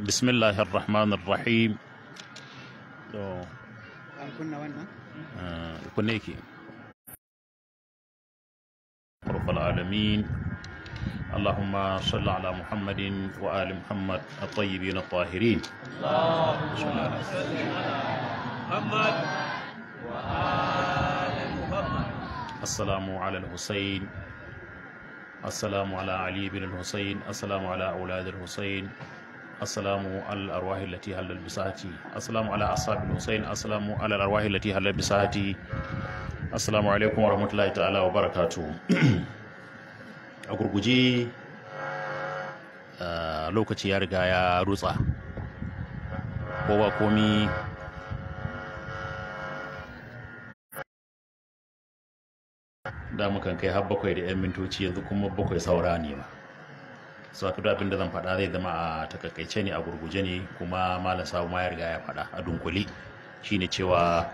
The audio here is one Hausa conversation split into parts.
بسم الله الرحمن الرحيم كنا وين كنا آه، رب العالمين اللهم صل على محمد وآل محمد الطيبين الطاهرين اللهم صل على محمد وآل محمد السلام على الحسين assalamu ala ali bin al-husayn ala aulad al-husayn assalamu ala arwahi lati halal bisati assalamu ala asabi al-husayn assalamu ala arwahi lati halal bisati assalamu alaikum wa rahmatullahi ta'ala wa a gurguji ah, lokaci ya riga ya rutsa ko ba komi da mukan kai har bakwai da 'yan mintoci yanzu kuma bakwai saura ne ma su abin da zan faɗa zai zama a takakaice ne a gurguje ne kuma malam sabu ma ya riga ya faɗa a dunkuli shine cewa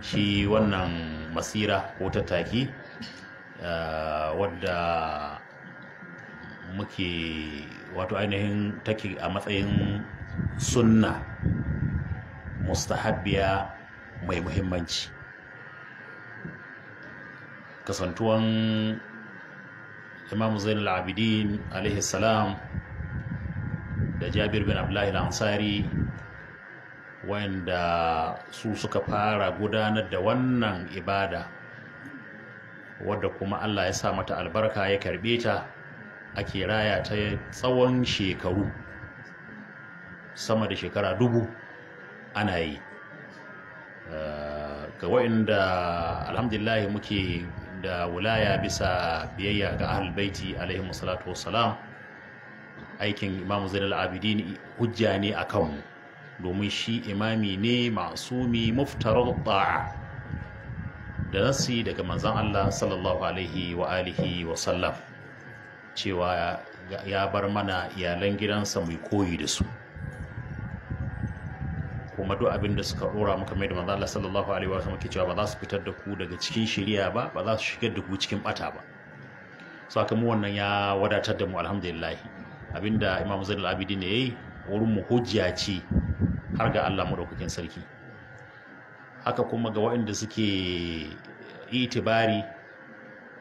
shi wannan masira ko tattaki eh, wadda muke wato ainihin take a matsayin sunna mustahabbiya mai muhimmanci kasantuwan imamu zainul abidin alaihi salam da jabir bin abdullahi ansari wanda su suka fara gudanar da wannan ibada wadda kuma allah ya sa mata albarka ya karbe ta ake raya ta tsawon shekaru sama da shekara dubu ana yi eh, ga waɗanda alhamdulillah muke da wulaya bisa biyayya ga albaiti baiti alaihi salatu wassalam aikin imam zainal abidin hujja ne a kanmu domin shi imami ne masumi muftarar ta'a da nasi daga manzan Allah sallallahu alaihi wa alihi wasallam cewa ya bar mana iyalan gidansa mai koyi da su kuma duk abin da suka dora muka mai da manzo Allah sallallahu alaihi wa sallam ke cewa ba za su fitar da ku daga cikin shari'a ba ba za su shigar da ku cikin bata ba sakamakon wannan ya wadatar da mu alhamdulillah abinda Imam Zainul Abidin abidi ne yayi wurin mu hujja ce har ga Allah madaukakin sarki haka kuma ga waɗanda suke itibari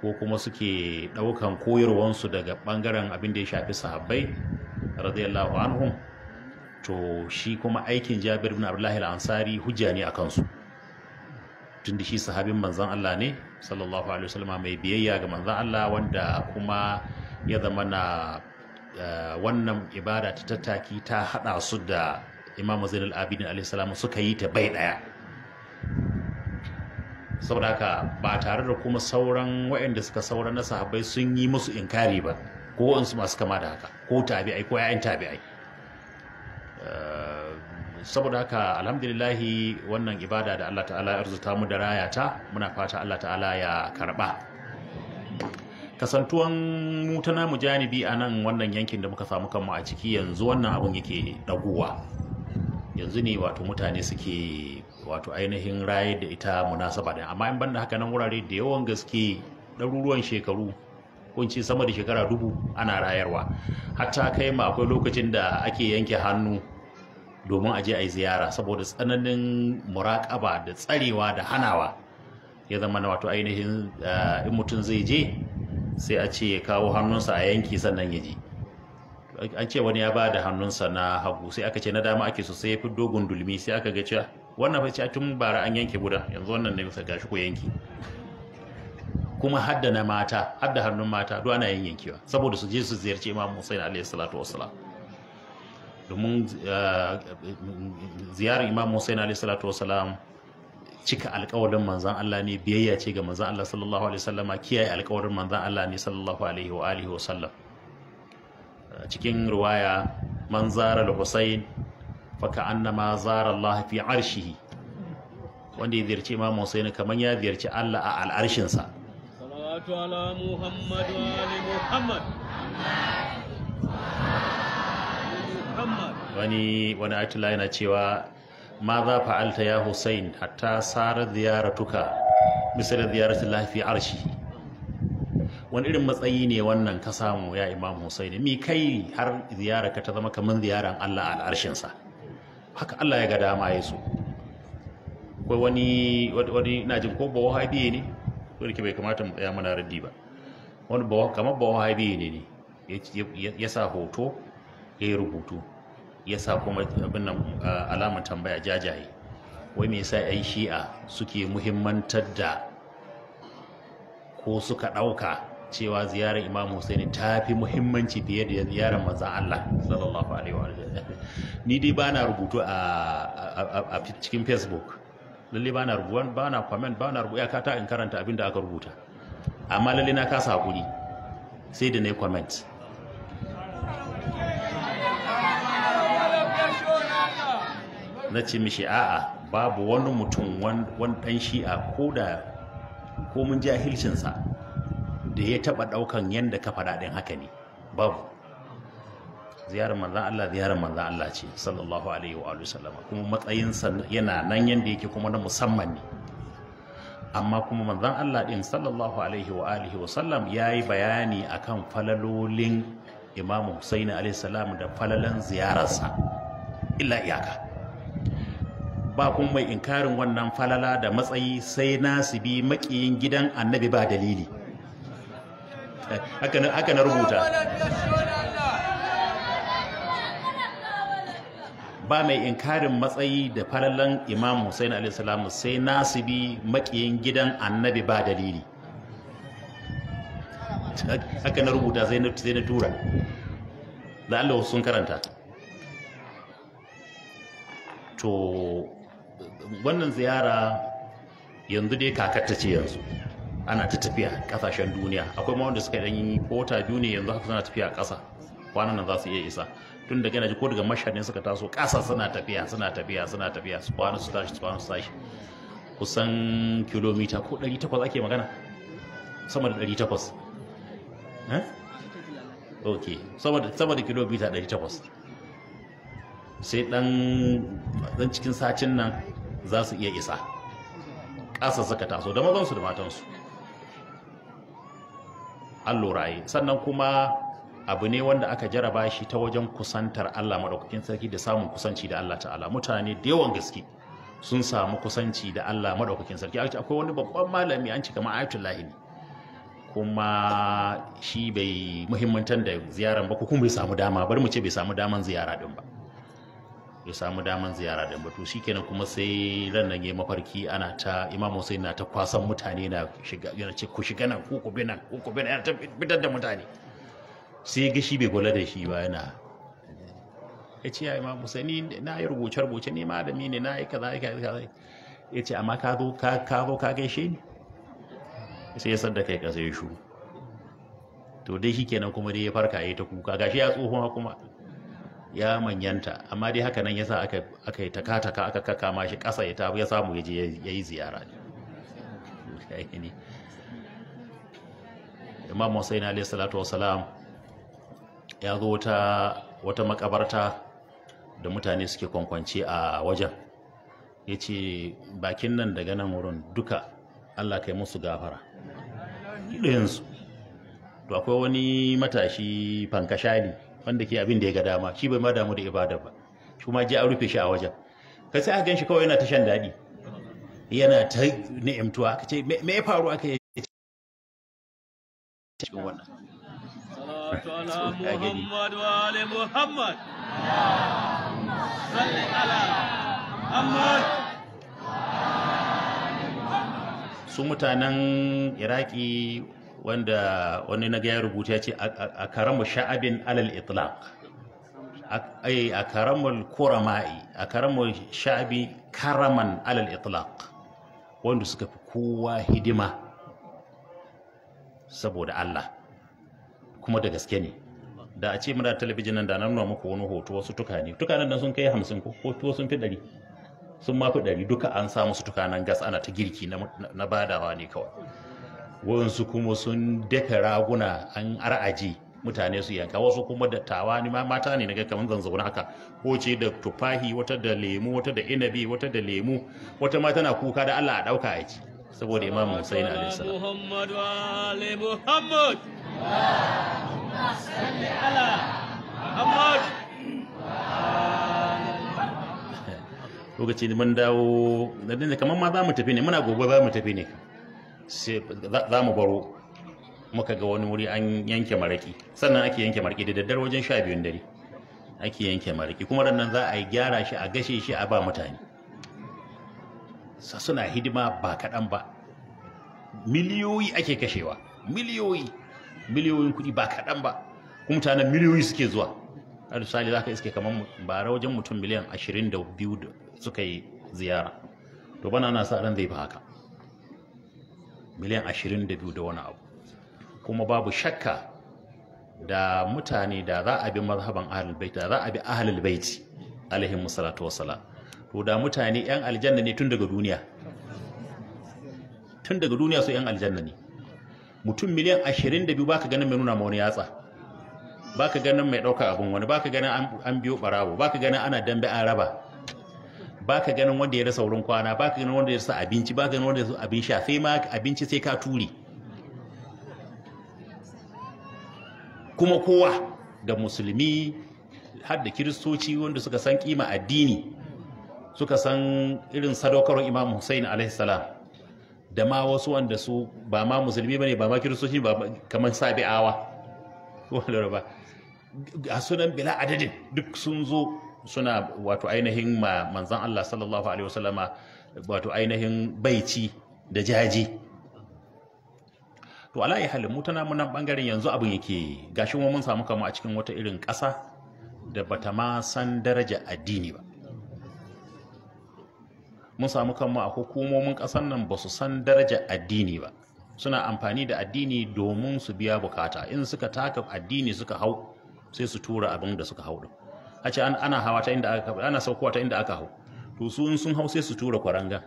ko kuma suke ɗaukan su daga ɓangaren abin da ya shafi sahabbai radiyallahu anhum to shi kuma aikin jabir ibn abdullahi al-ansari hujja ne a kansu tun da shi sahabin Manzon Allah ne sallallahu alaihi wasallam mai biyayya ga manzan Allah wanda kuma ya zama na eh, wannan ibada ta tattaki ta hada su da imam zainul abidin alaihi salam suka yi ta bai daya saboda haka ba tare da kuma sauran waɗanda suka sauran na sahabbai sun yi musu inkari ba ko wasu masu kama da haka ko tabi'ai ko 'ya'yan tabi'ai Eh, saboda haka alhamdulillahi wannan ibada da Allah ta'ala ya arzuta mu da raya ta muna fata Allah ta'ala ya karba kasantuwan mu ta namu janibi a nan wannan yankin da muka samu kanmu a ciki yanzu wannan abun yake daguwa yanzu ne wato mutane suke wato ainihin raye da ita munasaba da amma in banda haka nan wurare da yawan gaske ɗaruruwan shekaru kunci sama da shekara dubu ana rayarwa hatta kai ma akwai lokacin da ake yanke hannu domin a je a yi ziyara saboda tsananin muraƙaba da tsarewa da hanawa ya zama na wato ainihin eh, in mutum zai je sai a ce ya kawo hannunsa a yanki sannan ya je an ce wani ya ba da hannunsa na hagu sai aka ce na dama ake so sai ya fi dogon dulmi sai aka ga cewa wannan fa ce tun bara an yanke guda yanzu wannan ne bisa gashi ko yanki kuma hadda na mata hadda hannun mata duk ana yin yankewa saboda su je su ziyarci imam Hussein alaihi salatu wassalam domin eh, ziyarar imam Hussein alaihi salatu wasalam cika alƙawarin manzan Allah ne biyayya ce ga manzan Allah sallallahu alaihi wasallama kiyaye alƙawarin manzan Allah ne sallallahu alaihi wa alihi wasallam eh, cikin riwaya man zara al-Husayn fa ka'annama zara Allah fi arshihi wanda ya ziyarci Imam Hussein kaman ya ziyarci Allah a al'arshinsa salatu ala Muhammad wa ali Muhammad wani wani atila yana cewa ma za fa'alta ya Hussein hatta tuka ziyaratuka ziyarar ta lafi arshi wani irin matsayi ne wannan ka samu ya Imam Hussein mi kai har ka ta zama kamar ziyaran Allah a al'arshinsa haka Allah ya ga dama ya so kai wani wani na jin ko bawa hadiye ne ko da bai kamata mu tsaya mana raddi ba wani bawa kamar bawa hadiye ne ne ya sa hoto ya yi rubutu ya sa kuma abinnan alamun tambaya jajaye wai me yasa yan shi'a suke muhimmantar da ko suka ɗauka cewa ziyarar imam Hussein ta fi muhimmanci fiye da ziyarar manzan Allah sallallahu alaihi wa ni dai bana rubutu a cikin facebook lalle bana rubuwan bana comment bana rubu ya kata in karanta abin da aka rubuta amma lalle na kasa hakuri sai da na yi comment na ce mishi a'a babu wani mutum wani ɗan shi'a ko da komin jahilcinsa da ya taɓa ɗaukan yadda ka faɗa ɗin haka ne babu ziyarar manzan Allah ziyarar manzan Allah ce sallallahu alaihi wa sallama kuma matsayinsa yana nan yadda yake kuma na musamman ne amma kuma manzan Allah ɗin sallallahu alaihi wa alihi wa sallam ya yi bayani akan falalolin imamu Husaini alaihi salam da falalan ziyararsa illa iyaka ba kun mai inkarin wannan falala da matsayi sai nasibi makiyin gidan annabi ba dalili haka na rubuta ba mai inkarin matsayi da falalan imam Hussein alaihi sai nasibi makiyin gidan annabi ba dalili haka na rubuta sai na tura da Allah sun karanta to wannan ziyara yanzu dai kakar ce yanzu ana ta tafiya kasashen duniya akwai mawanda wanda suka yi kota duniya ne yanzu haka suna tafiya ƙasa kwanan nan za su iya isa tun daga yana ko daga mashadin suka taso ƙasa suna tafiya suna tafiya suna tafiya su kwana su tashi su kwana su tashi kusan kilomita ko 800 ake magana sama da 800 eh? ok sama da kilomita 800 sai dan cikin satin nan za su iya isa ƙasa suka taso da mazansu da matansu an loraye sannan kuma abu ne wanda aka jaraba shi ta wajen kusantar Allah maɗaukakin sarki da samun kusanci da Allah ta'ala mutane da yawan gaske sun samu kusanci da Allah maɗaukakin sarki akwai wani babban malami an cika ma'ayatullahi ne kuma shi bai muhimmantar da ziyaran ba ko kuma bai samu dama bari mu ce bai samu daman ziyara din ba ya samu daman ziyara da batu shikenan kuma sai ran nan ya mafarki ana ta Imam Hussein na ta kwasan mutane na shiga yana ce ku shiga nan ku ku bi nan ku ku bi nan ta fitar da mutane sai ga shi bai kula da shi ba yana ya ce ya Imam Hussein na yi rubuce rubuce ne ma malami ne na yi kaza kaza ya ce amma ka zo ka zo ka gaishe ni sai ya sadda kai kasa ya shu to dai shikenan kuma dai ya farka ya ta kuka gashi ya tsohon kuma ya manyanta amma dai haka nan yasa aka aka yi takataka aka kakama shi ƙasa ya tafi ya samu yaje yayi ziyara ne Imam Hussein alayhi salatu wasalam ya zo ta wata makabarta da mutane suke kwankwance a wajen ya ce bakin nan daga nan wurin duka Allah kai musu gafara ɗayansu to akwai wani matashi fankashali wanda ke abin da ya ga dama shi bai ma damu da ibada ba shi ma ji an rufe shi a wajen ka sai aka shi kawai yana ta shan daɗi yana ta ni'imtuwa aka ce me ya faru aka yi cikin wannan salatu muhammad wa ali muhammad salli ala muhammad su mutanen iraki wanda wani na ya rubuta ya ce a karamu sha'abin alal itlaq a karamu kurama'i a karamu sha'abi karaman alal itlaq wanda suka fi kowa hidima saboda Allah kuma da gaske ne da a ce muna talabijin nan da nanuwa nuna muku wani hoto wasu tukane tukanen nan sun kai hamsin ko hoto sun fi ɗari sun mafi ɗari duka an samu su tukanen gas ana ta girki na badawa ne kawai wasu kuma sun dafa raguna an ar'aji mutane su yanka wasu kuma dattawa ni ma mata ne naga kamar zanzauna haka ko ce da tufahi wata da lemu wata da inabi wata da lemu wata ma tana kuka da Allah a dauka a ci saboda Imam Hussein alaihi salam Muhammadu ali Muhammad salli ala Muhammad lokaci mun dawo da kamar ma za mu tafi ne muna gobe za mu tafi ne za mu baro muka ga wani wuri an yanke maraki sannan ake yanke maraki da daddare wajen sha biyun dare ake yanke maraki kuma nan za a gyara shi a gashe shi a ba mutane suna hidima ba kaɗan ba miliyoyi ake kashewa miliyoyi miliyoyin kuɗi ba kaɗan ba kuma mutanen miliyoyi suke zuwa a misali za ka iske kamar bara wajen mutum miliyan ashirin da biyu suka yi ziyara to bana na sa ran zai ba haka miliyan 22 da wani abu kuma babu shakka da mutane da za a bi mazhaban ahlul baiti da za a bi ahlul baiti alaihi musallatu wasala to da mutane yan aljanna ne tun daga duniya tun daga duniya su yan aljanna ne mutum miliyan 22 baka ganin mai nuna ma wani yatsa baka ganin mai dauka abun wani baka ganin an biyo barawo baka ganin ana dambe an raba baka ganin wanda ya rasa wurin kwana baka ganin wanda ya rasa abinci baka ganin wanda ya rasa abin sha sai ma abinci sai ka ture kuma kowa da musulmi har da kiristoci wanda suka san kima addini suka san irin sadaukarwar imam hussein alaihissalam da ma wasu wanda su ba ma musulmi ba ne ba ma kiristoci ba kamar sabi'awa wanda ba a sunan bila adadin duk sun zo suna wato ainihin ma manzan Allah sallallahu alaihi wasallama wato ainihin baici da jaji to ala halin mu tana munan bangaren yanzu abin yake gashi mun samu kama a cikin wata irin ƙasa da bata ma san daraja addini ba mun samu kanmu a hukumomin ƙasar nan ba su san daraja addini ba suna amfani da addini domin su biya bukata in suka taka addini suka hau sai su tura abin da suka hau din a ce ana hawa ta inda aka ana saukowa ta inda aka hau to su sun hau sai su tura kwaranga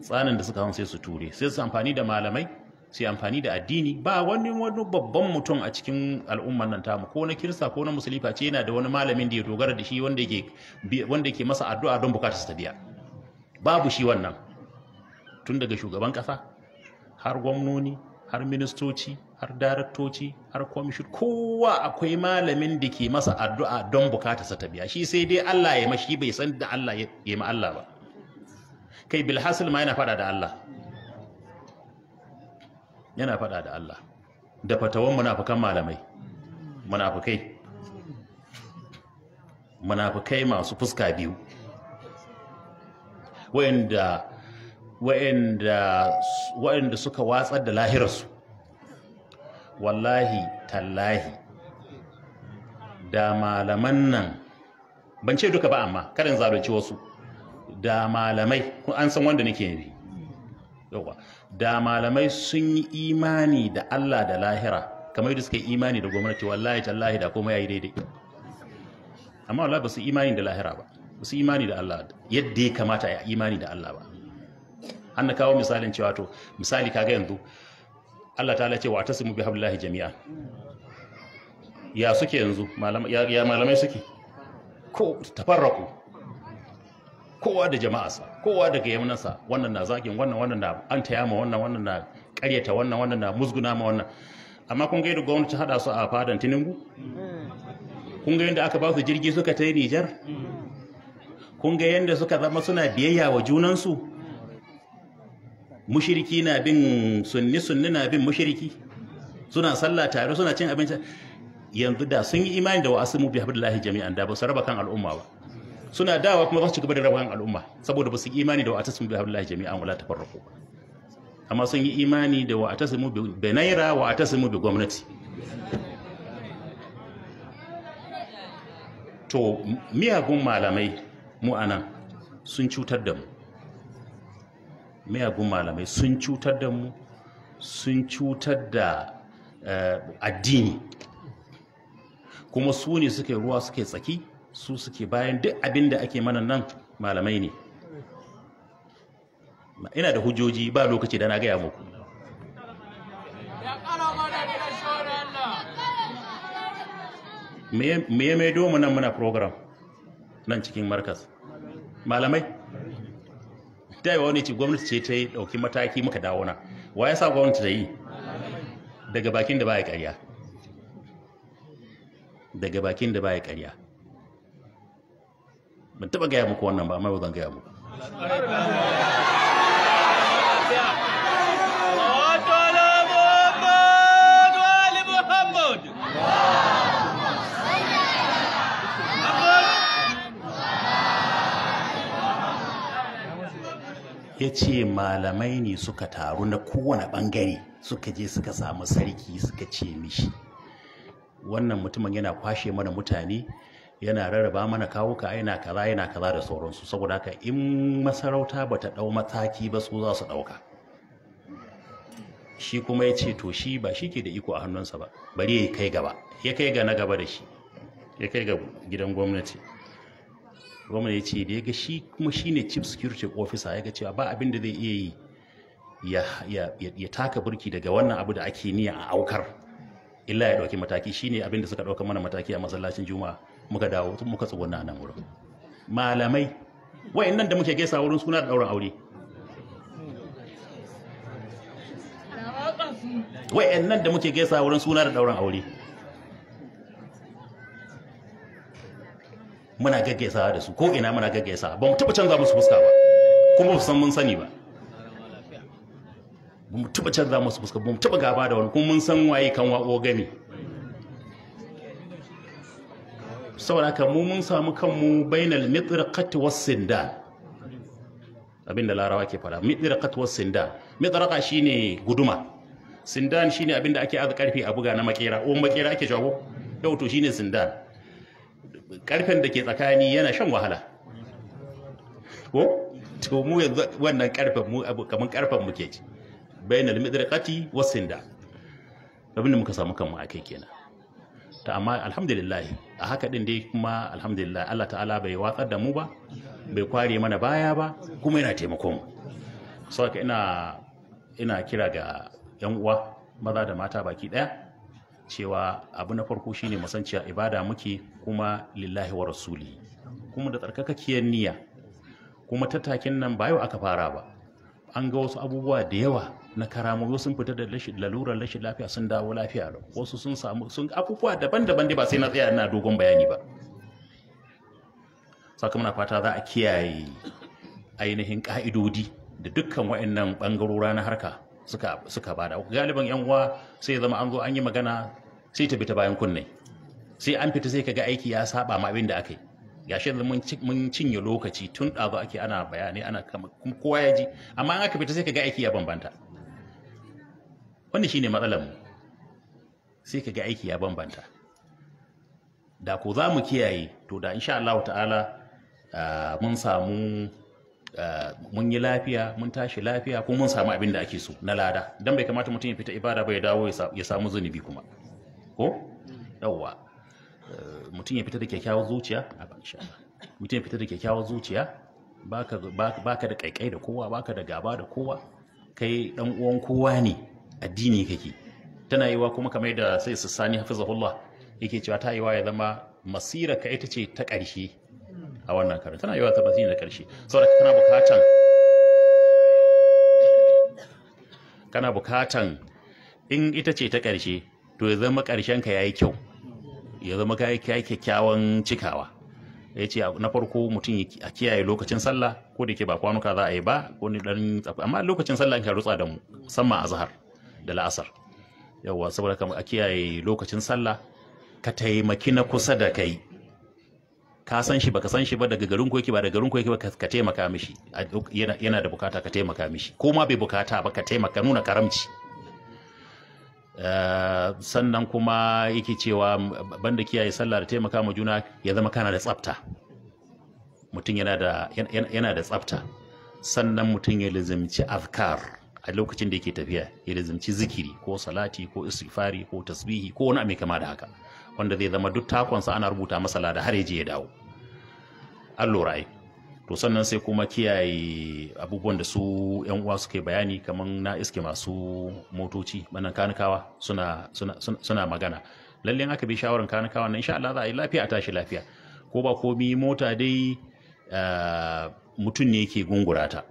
tsanin da suka hau sai su ture sai su amfani da malamai sai amfani da addini ba wani wani babban mutum a cikin al'ummar nan tamu ko na kirista ko na musulifa ce yana da wani malamin da ya dogara da shi wanda ke masa addu'a don bukatar ta biya babu shi wannan tun daga shugaban kasa har gwamnoni har ministoci har daraktoci har komishin, kowa akwai malamin da ke masa addu'a don bukata sa ta biya shi sai dai Allah ya mashi bai san da Allah ya ma Allah ba kai bilhassal ma yana fada da Allah yana fada da Allah da fatawan munafukan malamai munafukai munafukai masu fuska biyu wa'anda wa'anda suka watsar da lahirarsu wallahi tallahi da malaman nan ban ce duka ba amma karin zalunci wasu da malamai an san wanda nake nufi da malamai sun yi imani da Allah da lahira kamar yadda suka yi imani da gwamnati wallahi tallahi da kuma yayi daidai amma wallahi ba su imani da lahira ba ba su imani da Allah yadda ya kamata a imani da Allah ba an na kawo misalin cewa to misali kaga yanzu Allah ta lace wa simu bi hablahi jami'a ya suke yanzu ya malamai suke ko tafarraku kowa da jama'arsa kowa da gayyamunansa wannan na zagin wannan wannan na an taya ma wannan wannan na karyata wannan wannan na musguna ma wannan amma kun ga yadda gwamnati hada su a fadan tinubu kun ga yadda aka ba su jirgi suka ta yi nijar kun ga yadda suka zama suna biyayya wa junansu mushiriki na bin sunni sunni na bin mushiriki suna sallah tare suna cin abinci yanzu da sun yi imani da wa mu bi hablillahi jami'an da ba su raba kan al'umma ba suna dawa kuma ba su cigaba da raba kan al'umma saboda ba su yi imani da wa mu bi hablillahi jami'an wala tafarraqu amma sun yi imani da wa mu bi naira wa mu bi gwamnati to miyagun malamai mu anan sun cutar da mu miyagun malamai sun cutar da mu sun cutar da eh, addini kuma su ne suke ruwa suke tsaki su suke bayan duk abin da ake mana nan malamai ne ina da hujjoji ba lokaci da na gaya muku me ya maido mu nan muna program nan cikin markas malamai da yawa wani ce gwamnati ce ta yi ɗauki mataki muka dawo na wa ya sa gwamnati ta yi daga bakin da baya ƙarya daga bakin da baya ƙarya ban taɓa gaya muku wannan ba amma ba zan gaya muku ya ce malamai ne suka taru na kowane ɓangare suka je suka samu sarki suka ce mishi wannan mutumin yana kwashe mana mutane yana rarraba mana kawuka yana kaza yana kaza da sauransu saboda haka in masarauta ba ta ɗau mataki ba su za su ɗauka shi kuma ya ce to shi ba shi ke da iko a hannunsa ba bari ya kai gaba ya kai ga na gaba da shi ya kai ga gidan gwamnati Roma ya ce da ya ga shi kuma shi ne chief security officer ya ga cewa ba abin da zai iya yi ya taka burki daga wannan abu da ake niyya a aukar illa ya ɗauki mataki shi ne abin da suka ɗauka mana mataki a masallacin juma'a muka dawo muka tsuguna a nan wurin malamai nan da muke gaisa wurin suna da dauran aure nan da muke gaisa wurin suna da ɗaurin aure muna gaggaisa da su ko ina muna gaggaisa ba mu taɓa canza musu fuska ba kuma ba san mun sani ba ba mu taɓa canza musu fuska ba mu taɓa gaba da wani kuma mun san waye kan wako gami saboda haka mu mun samu kanmu bainal mitraqat was sindan abinda larawa ke fara mitraqat was sindan mitraqa shine guduma sindan shine abinda ake azu karfi a buga na makera o makera ake jago yau to shine sindan karfen da ke tsakani yana shan wahala ko to mu wannan karfen mu abu kaman karfen muke ci bainal midraqati wasinda abinda muka samu kanmu kai kenan ta amma alhamdulillah a haka din dai kuma alhamdulillah Allah ta'ala bai watsar da mu ba bai kware mana baya ba kuma yana taimako mu saboda ina ina kira ga yan uwa maza da mata baki daya cewa abu na farko shine ne cewa ibada muke kuma lillahi wa rasuli kuma da tsarkakakkiyar niyya kuma tattakin nan ba yau aka fara ba an ga wasu abubuwa da yawa na karamomi sun fita da lalurar rashin lafiya sun dawo lafiya wasu sun samu sun abubuwa daban-daban dai ba sai na tsaya na dogon bayani ba sakamakon fata za a kiyaye ainihin ka'idodi da dukkan waɗannan ɓangarora na harka suka bada galiban yan uwa sai zama an zo an yi magana sai ta ta bayan kunne sai an fita sai kaga aiki ya saba ma abin da aka yi gashi yanzu mun cinye lokaci tun ɗazu ake ana bayani ana kama kuma kowa ya ji amma an aka fita sai kaga aiki ya bambanta wannan shine matsalar mu sai kaga aiki ya bambanta da ko za mu kiyaye to da insha Allah ta'ala ah, mun samu ah, mun yi lafiya mun tashi lafiya kuma mun samu abin da ake so na lada dan bai kamata mutum ya fita ibada bai dawo ya samu zunubi kuma ko yawwa eh, mutum ya fita da kyakkyawar zuciya a bansha mutum ya fita da kyakkyawar zuciya baka ka da kaikai da kowa baka da gaba da kowa kai dan uwan kowa ne addini kake tana yiwa kuma kamar da sai su sani hafizahullah yake cewa ta yiwa ya zama masira ka ita ce ta ƙarshe a wannan karin tana yiwa ta masira ta ƙarshe saboda kana bukatan kana bukatan in ita ce ta ƙarshe to ya zama ƙarshenka ka yayi kyau ya zama ka yi kyakkyawan cikawa ya ce na farko mutum a kiyaye lokacin sallah ko da ke ba kwanuka za a yi ba ko ni dan amma lokacin sallah ka rutsa da mu musamman Zahar da la'asar yawwa saboda kamar a kiyaye lokacin sallah ka taimaki na kusa da kai ka san shi baka san shi ba daga garin yake ba daga garin yake ba ka taimaka mishi yana da bukata ka taimaka mishi ko ma bai bukata ba ka taimaka nuna karamci sannan kuma yake cewa banda kiyaye sallah da taimaka ma juna ya zama kana da tsafta mutum yana da tsafta sannan mutum ya lizimci afkar a lokacin da yake tafiya ya lizimci zikiri ko salati ko istighfari ko tasbihi ko wani mai kama da haka wanda zai zama duk takonsa ana rubuta masa da har ya je ya dawo an lura to sannan sai kuma kiyaye abubuwan da su yan uwa suke bayani kamar na iske masu motoci manan kanikawa suna suna suna magana lalle aka bi shawarar kanikawa na insha Allah za a yi lafiya a tashi lafiya ko ba komi mota dai ah, mutum ne yake ta,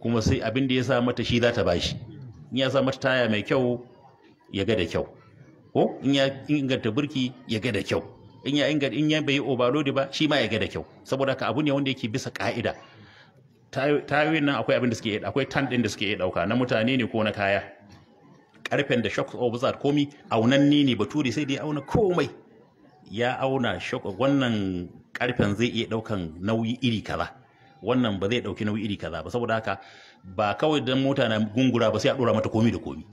kuma sai abin da ya sa mata shi za ta bashi in ya sa mata taya mai kyau ya ga da kyau ko in ya inganta burki ya ga da kyau in ya inganta in ya bai overload ba shi ma ya ga da kyau saboda haka abu ne wanda yake bisa ka'ida tayoyin nan akwai abin da suke akwai tan din da suke yi dauka na mutane ne ko na kaya karfen da shock observer komi aunanni ne baturi sai dai auna komai ya auna shock wannan karfen zai iya daukan nauyi iri kaza wannan ba zai dauki nauyi iri kaza ba saboda haka ba kawai dan mota na gungura ba sai a dora mata komi da komi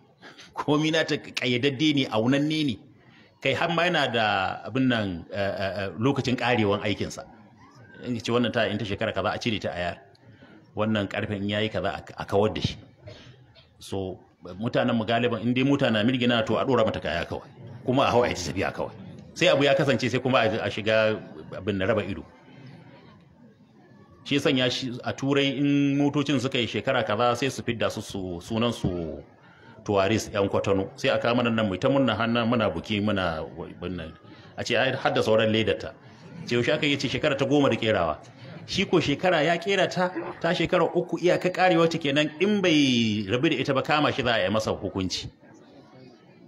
komi na ta kayyadadde ne aunanne ne kai har ma yana da abin nan eh, eh, eh, lokacin karewan aikinsa in ce wannan ta in ta shekara kaza a cire ta a yar wannan karfin yayi kaza a kawar da shi so mutanen mu galiban in dai mirgi na to a dora mata kaya kawai kuma a hawaye ta tafiya kawai sai abu ya kasance sai kuma a shiga abin da raba ido shi sanya a turai in motocin suka yi shekara kaza sai su fidda su sunan su tuwaris yan kwatano sai a kama nan mai ta munna hannu muna buki muna wannan a ce ai hadda sauran ledata ce yaushe aka yi ce shekara ta goma da kerawa shi ko shekara ya kera ta ta shekara uku iya ka karewa ta kenan in bai rabu da ita ba kama shi za a yi masa hukunci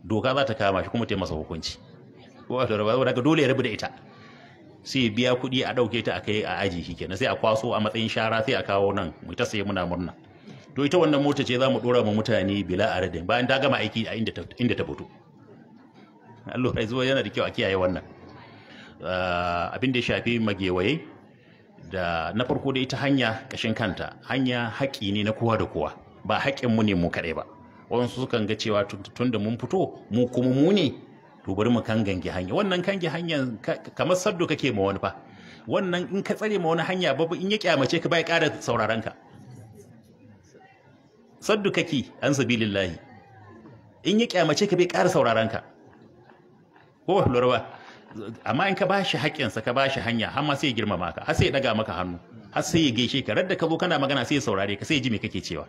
doka za ta kama shi kuma ta yi masa hukunci wato daga dole ya rabu da ita sai biya kuɗi a ɗauke ta a kai a aji shi kenan sai a kwaso a matsayin shara sai a kawo nan mu ta sai muna murna to ita wannan mota ce za mu ɗora ma mutane bila a radin bayan ta gama aiki a inda ta fito Allah ya zuwa yana da kyau a kiyaye wannan ah, abin da ya shafi magewaye da na farko da ita hanya kashin kanta hanya haƙi ne na kowa da kowa ba haƙƙin mu ne mu kaɗai ba wasu sukan ga cewa tun da mun fito mu kuma mu ne to bari mu kan gange hanya wannan kange hanya kamar saddo kake ma wani fa wannan in ka tsare ma wani hanya babu in ya kyamace ka bai ƙara sauraron ka saddu kake an sabilillahi in ya kyamace ka bai ƙara sauraron ka ko lura ba amma in ka ba shi haƙƙinsa ka ba shi hanya har ma sai ya girmama ka har sai ya ɗaga maka hannu har sai ya gaishe ka radda ka zo kana magana sai ya saurare ka sai ya ji me kake cewa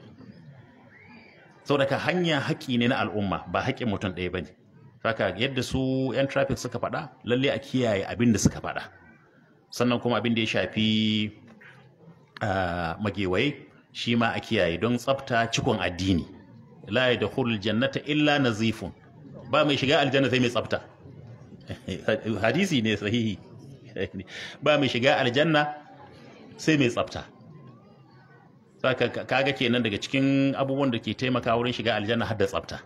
saboda hanya haƙƙi ne na al'umma ba haƙƙin mutum ɗaya ba ne, saka yadda su yan traffic suka faɗa lalle a kiyaye abin da suka faɗa sannan kuma abin da ya shafi ah, magewaye shi ma a kiyaye don tsafta cikon addini la yadkhulul jannata illa zifun ba mai shiga aljanna sai mai tsafta hadisi ne sahihi ba mai shiga aljanna sai mai tsafta kaga kenan daga cikin abubuwan da ke taimaka wurin shiga aljanna har da tsafta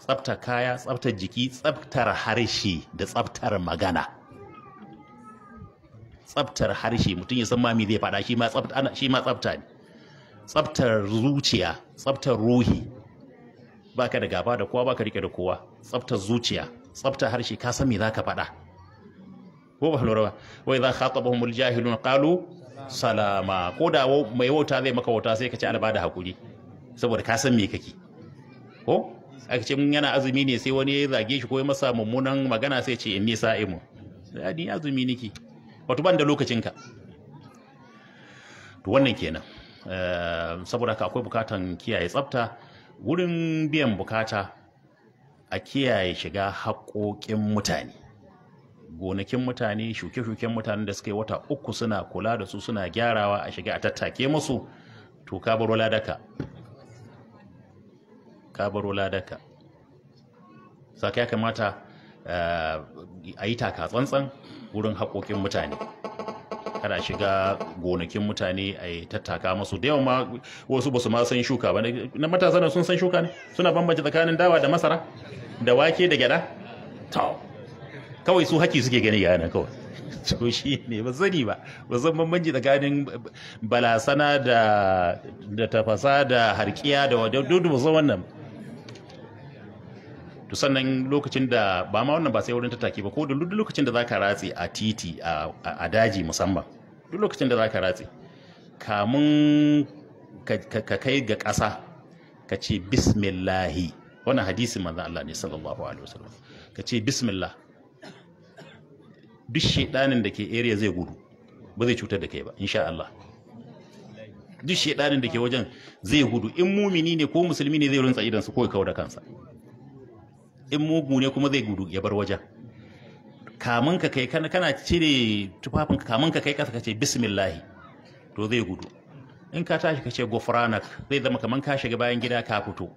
tsafta kaya tsaftar jiki tsaftar harshe da tsaftar magana tsaftar harshe mutum ya san ma zai faɗa shi ma tsafta ne tsabtar zuciya tsabtar ruhi baka da gaba da kowa baka rike da kowa tsabtar zuciya tsabtar harshe ka san me zaka faɗa ko ba lura ba wai za khatabahumul jahilun qalu salama ko da mai wauta zai maka wauta sai ka ci alba da hakuri saboda ka san me kake ko aka ce mun yana azumi ne sai wani ya zage shi ko ya masa mummunan magana sai ce inni sa'imu ni azumi niki wato ban da lokacinka to wannan kenan Eh, saboda akwai bukatan kiyaye tsafta wurin biyan bukata a kiyaye shiga haƙoƙin mutane gonakin mutane shuke-shuken mutane, da suka yi wata uku suna kula da su suna gyarawa a shiga a tattake musu to ka baro ladaka ka baro ladaka ka ya kamata eh, a yi taka tsantsan wurin haƙoƙin mutane kada shiga gonakin mutane a tattaka masu da yawan ma wasu basu ma san shuka ba na matasa sun san shuka ne suna bambance tsakanin dawa da masara da wake da gyada to kawai su haki suke gani ga yana kawai to shi ne ba sani ba ba san bambanci tsakanin balasana da tafasa da harkiya da wadda duk ba wannan to sannan lokacin da ba ma wannan ba sai wurin tattaki ba ko da duk lokacin da zaka ratse a titi a daji musamman duk lokacin da zaka ratse kamun ka kai ga ƙasa ka ce bismillahi wannan hadisi manzon Allah ne sallallahu alaihi wasallam ka ce bismillah duk shedanin da ke area zai gudu ba zai cutar da kai ba insha Allah duk shedanin da ke wajen zai gudu in mumini ne ko musulmi ne zai rinsa idan su ko kawo da kansa in mugu ne kuma zai gudu ya bar wajen kamun ka kai kana cire tufafin kamun ka kai kasa ka ce bismillahi to zai gudu in ka tashi ka ce gofranak zai zama kamar ka shiga bayan gida ka fito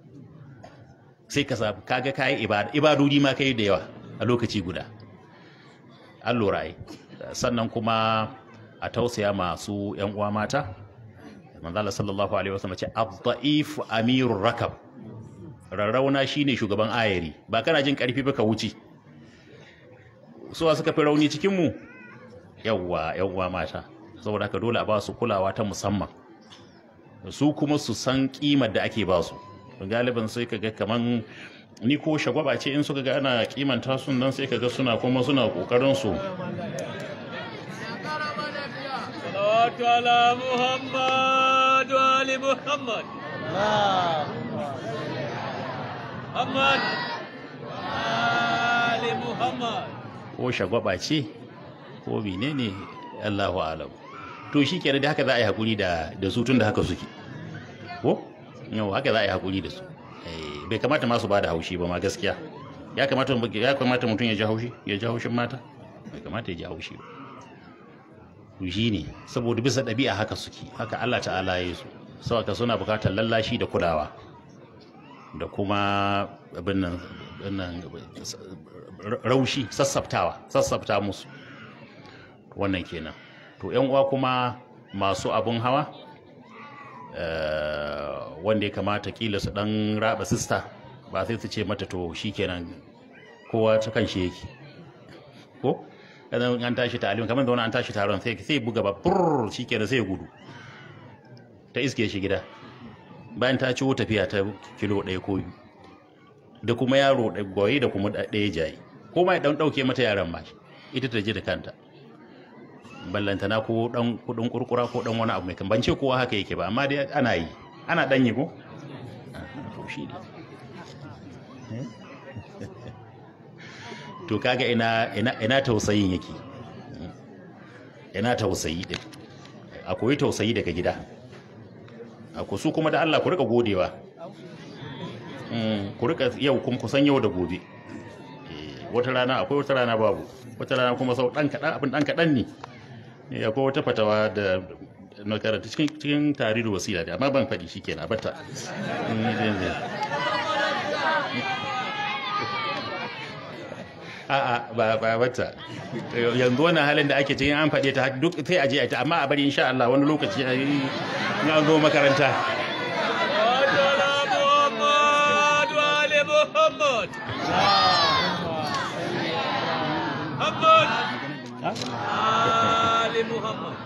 sai ka samu kaga kayi ibada ibadodi ma kai da yawa a lokaci guda an lura yi sannan kuma a tausaya masu yan uwa mata manzala sallallahu alaihi wasallam ce abda'if Amirul amirur rakab rarrauna shine shugaban ayari ba kana jin karfi ba ka wuce suwa suka fi rauni cikin mu yawwa yawwa mata saboda haka dole a ba su kulawa ta musamman su kuma su san kimar da ake ba su galibin sai kaga kaman ni ko shagwaba ce in suka ga ana kimanta sun nan sai ga suna kuma suna kokarin su salatu ali muhammad Muhammad Ali Muhammad ko shagwaba ce ko menene Allahu alam to shi kenan da haka za a yi hakuri da da su tun da haka suke ko yau haka za a yi hakuri da su eh, bai kamata ma su bada haushi ba ma gaskiya ya kamata ya kamata mutum ya ji haushi ya ji haushin mata bai kamata ya ji haushi ba shi ne saboda bisa ɗabi'a haka suke haka Allah ta'ala ya yi su saboda suna buƙatar lallashi da kulawa da kuma raushi sassaftawa sassafta musu wannan kenan to yan uwa kuma masu abun hawa eh, wanda ya kamata kila su dan raba sista ba sai su ce mata to shi kenan kowa ta kan shi yake ko idan an tashi talim kamar da wani an tashi taron sai buga ba fur shi kenan sai ya gudu ta iske shi gida bayan ta ciwo tafiya ta kilo ɗaya ko biyu da kuma yaro gwaye da kuma ɗaya jayi ko ma ya ɗan ɗauke mata yaran ma ita ta ji da kanta ballantana ko ɗan kuɗin kurkura ko ɗan wani abu mai ban ce kowa haka yake ba amma dai ana yi ana ɗan yi ko to kaga ina ina tausayin yake ina tausayi din akwai tausayi daga gida ku su kuma da Allah ku rika godewa mm, ku rika yau kuma ku san yau da gobe eh, wata rana akwai wata rana babu wata rana kuma sau dan kaɗan abin dan kaɗan ne eh, akwai wata fatawa da na karanta cikin tarihi wasila da amma ban faɗi shi abata batta mm, eh, a'a ba ba wata yanzu wannan halin da ake cikin an faɗe ta duk sai a je a ta amma a bari insha Allah wani lokaci a yi n'a zo makaranta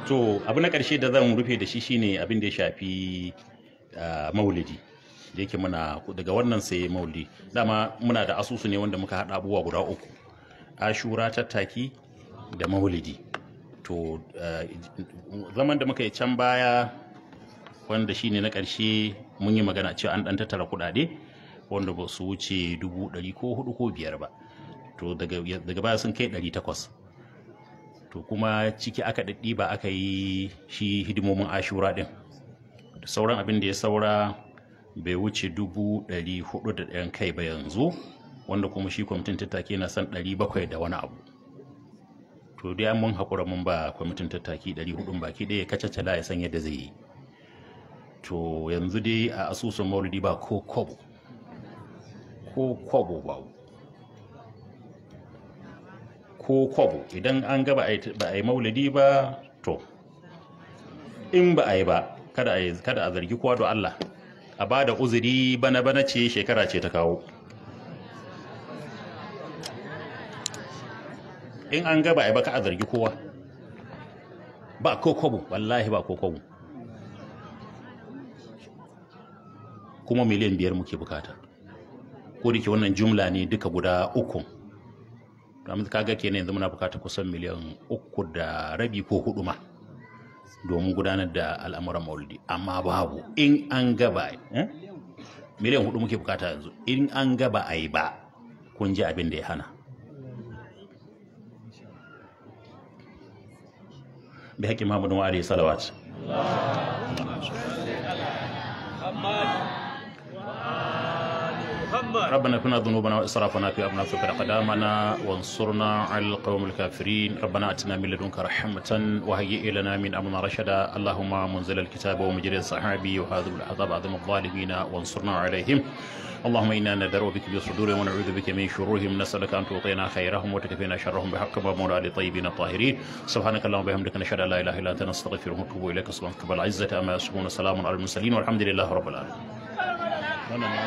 to abu na ƙarshe da zan rufe da shi shine abin da ya shafi maulidi da yake muna daga wannan sai maulidi dama muna da asusu ne wanda muka haɗa abubuwa guda uku ashura tattaki da maulidi to zaman da muka yi can baya wanda ne na ƙarshe mun yi magana cewa an ɗan tattara kuɗaɗe wanda ba su wuce dubu ɗari ko hudu ko biyar ba to daga baya sun kai ɗari takwas to kuma ciki aka ɗaɗɗi ba aka yi shi hidimomin ashura ɗin sauran abin da ya saura bai wuce dubu ɗari hudu da ɗayan kai ba yanzu wanda kuma shi kwamitin tattaki na san ɗari bakwai da wani abu to dai an mun haƙura mun ba kwamitin tattaki ɗari hudun baki ɗaya kacacala ya san yadda zai yi to yanzu dai a asusun maulidi ba ko kwabo ko kwabo ba ko kwabo idan an ga ba a yi maulidi ba to in ba a yi ba kada a zargi kowa da Allah a ba da uzuri bana bana ce shekara ce ta kawo in an ga ba a yi ba ka a zargi kowa ba ko kwabo wallahi ba ko kwabo kuma miliyan biyar muke bukata ko da ke wannan jumla ne duka guda uku domin kaga kenan yanzu muna bukata kusan miliyan uku da rabi ko hudu ma domin gudanar da al'amuran maulidi amma babu in an gaba eh? miliyan hudu muke bukata yanzu in an gaba a yi ba kun ji abin da ya hana bi haƙƙin mahamudu wa'ari salawat Allah. ربنا كنا ذنوبنا وإسرافنا في أمرنا فكر قدامنا وانصرنا على القوم الكافرين ربنا أتنا من لدنك رحمة وهيئ لنا من أمرنا رشدا اللهم منزل الكتاب ومجري الصحابي وهذا العذاب أعظم الظالمين وانصرنا عليهم اللهم انا ندعو بك بصدور ونعوذ بك من شرورهم نسالك ان تعطينا خيرهم وتكفينا شرهم بحق ومولى طيبين الطاهرين سبحانك اللهم وبحمدك نشهد ان لا اله الا انت نستغفرك ونتوب اليك سبحانك رب العزه اما يصفون سلام على المرسلين والحمد لله رب العالمين